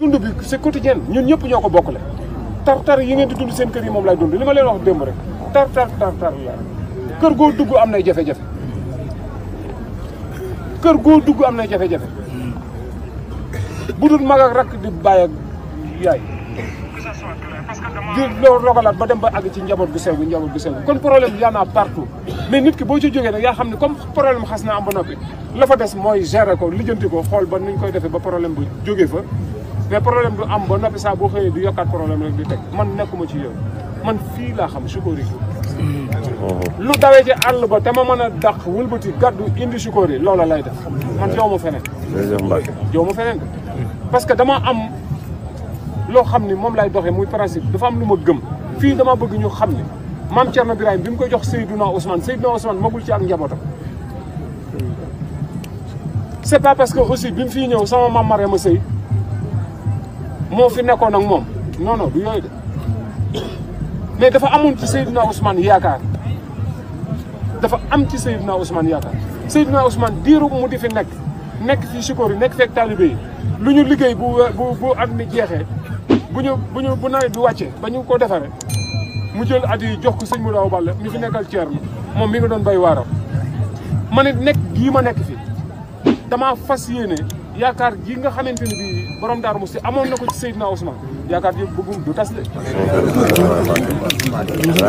dund bi c'est quotidien ñun ñëpp ñoo ko bokk le bokkale tartar yi ngeen di dund seen kër yi moom laay dund li ma leen wax démb rek tartar tartar la kër goo dugg am nay jafe kër goo dugg am nay jafe-jafe bu dul mag ak rakk di bàyyi ak yaay di loolu rogalaat ba dem ba àgg ci njaboot gu sew gi njaboot gu sew gi kon problème yaa naa partout mais nit ki boo ci jógee nag yaa xam ne comme problème xas na am ba noppi la fa des mooy gérer ko lijjanti ko xool ba nuñ koy defee ba problème bu jógee fa mais problème du am ba noppi saa boo xëyee di yokkaat problème rek di teg man nekkuma ci yow man fii laa xam sukóori mhm. lu dawee ci àll ba te ma mën a dàq wëlbati gàddu indi sukóori loola lay def man jow ma feneen jow ma feneen parce que dama am loo xam ni moom lay doxee muy principe dafa am lu ma gëm fii dama bëgg ñu xam ni maam Thierno Birahim bi mu koy jox Seydouna Ousmane Seydouna Ousmane magul ci ak njabootam c'est pas parce que aussi bi mu fii ñëw sama maam Mariama Sey moo fi nekkoon ak moom non non yooyu de mais dafa amoon ci Seydina Ousmane yaakaar dafa am ci Seydina Ousmane yaakaar Seydina Ousmane diiru mu di fi nekk nekk ci sukóor yi nekk fekk taalibe yi lu ñu liggéey bu bu bu mi jeexee bu ñu bu ñu bu nawet bi wàccee ba ñu ko defaree mu jël at yi jox ko sëñ mu daaw Balla mi fi nekkal Thierno moom mi nga doon bay waaram ma ne nekk gii ma nekk fi dama fas yéene. yaakaar ji nga xamante ni bi borom daar Darou si amoon na ko ci na Ousmane yaakaar ji bëggum du tas de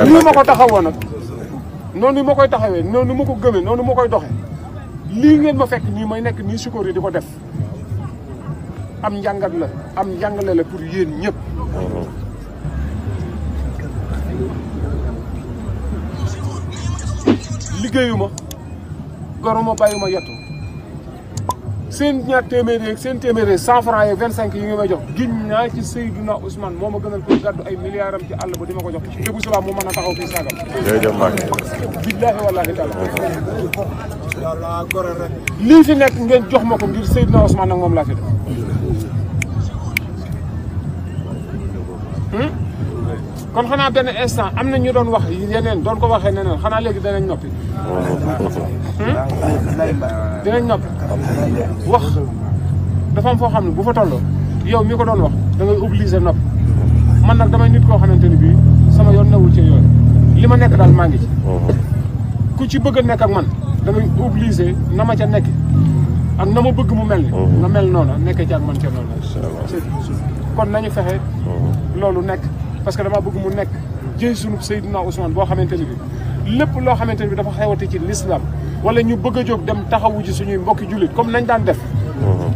nii ma ko taxawoo nag noonu ma koy taxawee noonu ma ko gëmee noonu ma koy doxe lii ngeen ma fekk nii may nekk nii sukóor yi di ko def am njàngat la am njàngale la pour yéen ñëpp liggéeyuma goruma bàyyuma yettu seen ñaar téeméer yeeg seen téeméer yeeg cent franc vingt cinq yi nga may jox giñ naa ci Seydina Ousmane moo ma gënal ko gàddu ay milliards am ci àll ba di ma ko jox te bu subaa mu mën a taxaw fii saagam. lii fi ngeen jox ma ko ngir Seydina Ousmane nag moom laa fi def. Hmm? kon xanaa benn instant am na ñu doon wax yeneen doon ko waxee neneen xanaa léegi danañ noppi. Hmm? dinañ noppi wax dafa am foo xam ne bu fa tolloo yow mi ko doon wax da ngay obligé man nag damay nit koo xamante ni bii sama yoon newul ci yoon li ma nekk daal maa ngi ci ku ci bëgg a nekk ak man damay obligé na ma ca nekk ak na ma bëgg mu mel ni mhm. nga mel noona nekkee ci ak man ca noona kon nañu fexe mhm. loolu nekk parce que dama bëgg mu nekk jëy sunu na Ousmane boo xamante ni bi lépp loo xamante ni bi dafa xewati ci l'islam wala ñu bëgg a jóg dem taxawu ji suñuy mbokki jullit comme nañ daan def mm-hmm.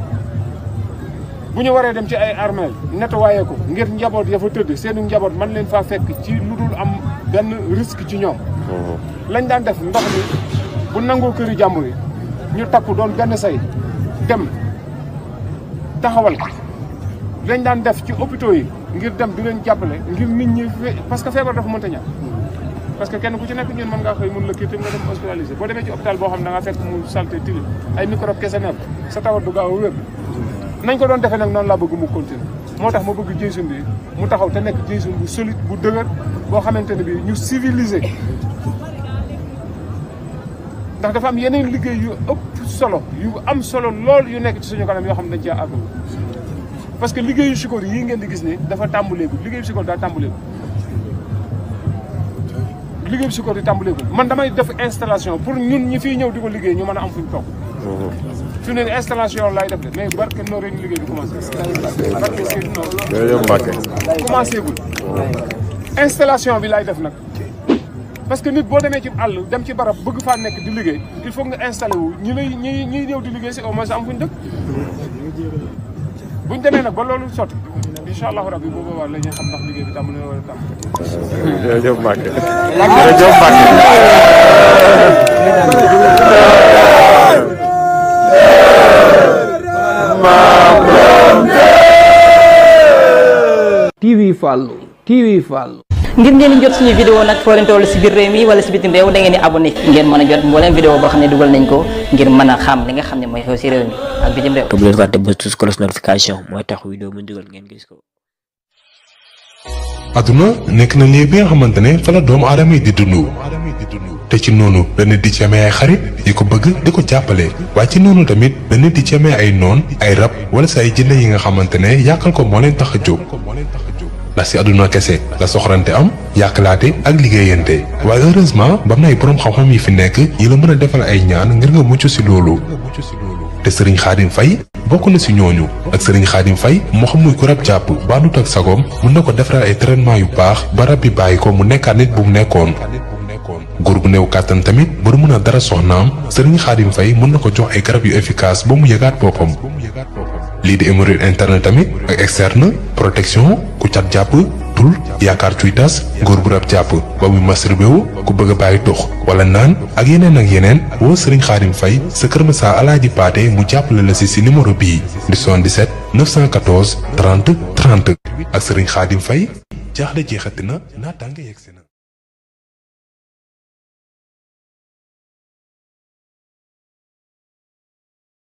bu ñu waree dem ci ay armeel nettoyé ko ngir njaboot ya fa tëdd seenu njaboot man leen faa fekk ci lu dul am benn risque ci ñoom mm-hmm. lañ daan def ndox mi bu nangoo këri jàmbur ñu takku doon benn say dem taxawal ko lañ daan def ci hôpitaux yi ngir dem du leen jàppale ngir nit ñi parce que feebar dafa mënta ñàkk parce que kenn ku ci nekk ñun mën ngaa xëy mun la kii tim nga dem hospitalisé boo demee ci hôpital boo xam ne da fekk mu salté tilim ay microbe kese sa tawat du gaaw a wér nañ ko doon defee nag noonu laa bëgg mu continuer moo tax ma bëgg Jason bi mu taxaw te nekk Jason bu solide bu dëgër boo xamante ne bii ñu civilisé ndax dafa am yeneen liggéey yu ëpp solo yu am solo lool yu nekk ci suñu kanam yoo xam ne dañ cee àgg parce que liggéeyu sikoor yi di gis ni dafa tàmbuleeku liggéeyu sikoor daa tàmbuleeku liggéey si ko di tàmbaleegul man damay def installation pour ñun ñi fiy ñëw di ko liggéey ñu mën a am fuñ toog. su mhm. ne installation lay def de mais barke noo leen liggéey di commencé. barke mhm. installation bi lay def nag. parce que nit boo demee ci àll dem ci barab bëgg faa nekk di liggéey il faut nga installé wu ñi lay ñi ñiy ñëw di liggéey si au moins am fuñ dëkk. Mhm. ñu demee nag ba loolu sotti. incha allahu rabi bu boobaa la ñuy xam ndax liggéey bi tàmm na war a tàmm. jërëjëf Mbacke jërëjëf Mbacke. TV Fallou TV Fallou. ngir ngeen di jot suñu vidéo nag foo leen toll si biir réew mi wala si bitim réew da ngeen di abonné ngeen mën a jot mboolem vidéo boo xam ne dugal nañ ko ngir mën a xam ne mooy tax vidéo nekk na lii bi nga xamante ne fa la doomu aadama yi di dund. te ci noonu dana di ci amee ay xarit yi ko bëgg di ko jàppale waaye ci noonu tamit dana di ci amee ay noon ay rab wala say jinne yi nga xamante ne yàqal ko moo leen tax a jóg. ndax si àdduna kese la soxrante am yàqlaate ak liggéeyante waaye heureusement bam nay boroom xam-xam yi fi nekk yi la mën a defal ay ñaan ngir nga mucc si loolu te sëriñ Xaadim Fay bokk na si ñooñu ak sëriñ Xaadim Fay moo xam muy ku rab jàpp baandut ak sagoom mun na ko defaral ay traitement yu baax ba rab bi bàyyi ko mu nekkaat nit bu mu nekkoon góor gu néew kàttan tamit ba mën a dara soxnaam sëriñ Xaadim Fay mën na ko jox ay garab yu efficace ba mu yëgaat boppam lii de hémorroïde interne tamit ak externe protection ku cat jàpp tul yaakaar cuy tas góor bu rab jàpp ba muy masturbé wu ku bëgg a bàyyi tux wala naan ak yeneen ak yeneen woo Serigne Khadim Faye sa kër ma saa alaaji paate mu jàppale la si si numéro bii di 77 914 30 30 ak Serigne Khadim Faye jaaxle jeexati na naataange yegsi na